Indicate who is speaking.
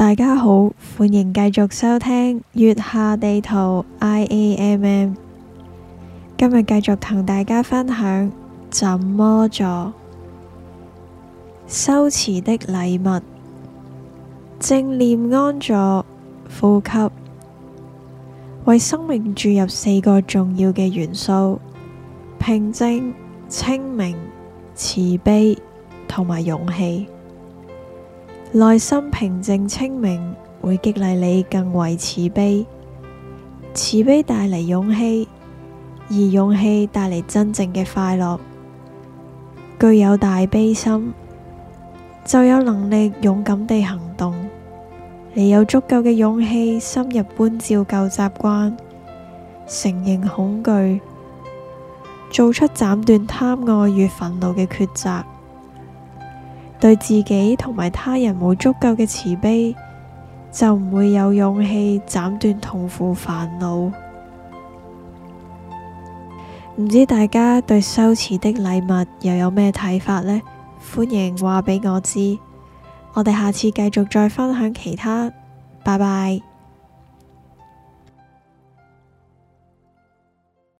Speaker 1: 大家好，歡迎繼續收聽月下地圖 I A M M。今日繼續同大家分享，怎麼坐修持的禮物，正念安坐，呼吸，為生命注入四個重要嘅元素：平靜、清明、慈悲同埋勇氣。內心平靜清明，會激勵你更為慈悲。慈悲帶嚟勇氣，而勇氣帶嚟真正嘅快樂。具有大悲心，就有能力勇敢地行動。你有足夠嘅勇氣，深入觀照舊習慣，承認恐懼，做出斬斷貪愛與憤怒嘅抉擇。對自己同埋他人冇足夠嘅慈悲，就唔會有勇氣斬斷痛苦煩惱。唔知大家對修持的禮物又有咩睇法呢？歡迎話畀我知。我哋下次繼續再分享其他。拜拜。